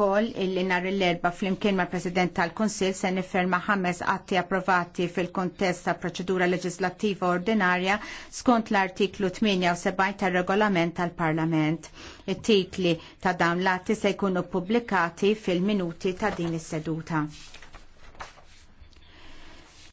ukoll illi nhar l-erba flimkien mal president tal-Kunsill se nifferma ħames atti approvati fil-kontest ta' proċedura leġislattiva ordinarja skont l-artiklu 78 tar-regolament tal-Parlament. It-titli ta' dawn l-atti se jkunu publikati fil-minuti ta' din is-seduta.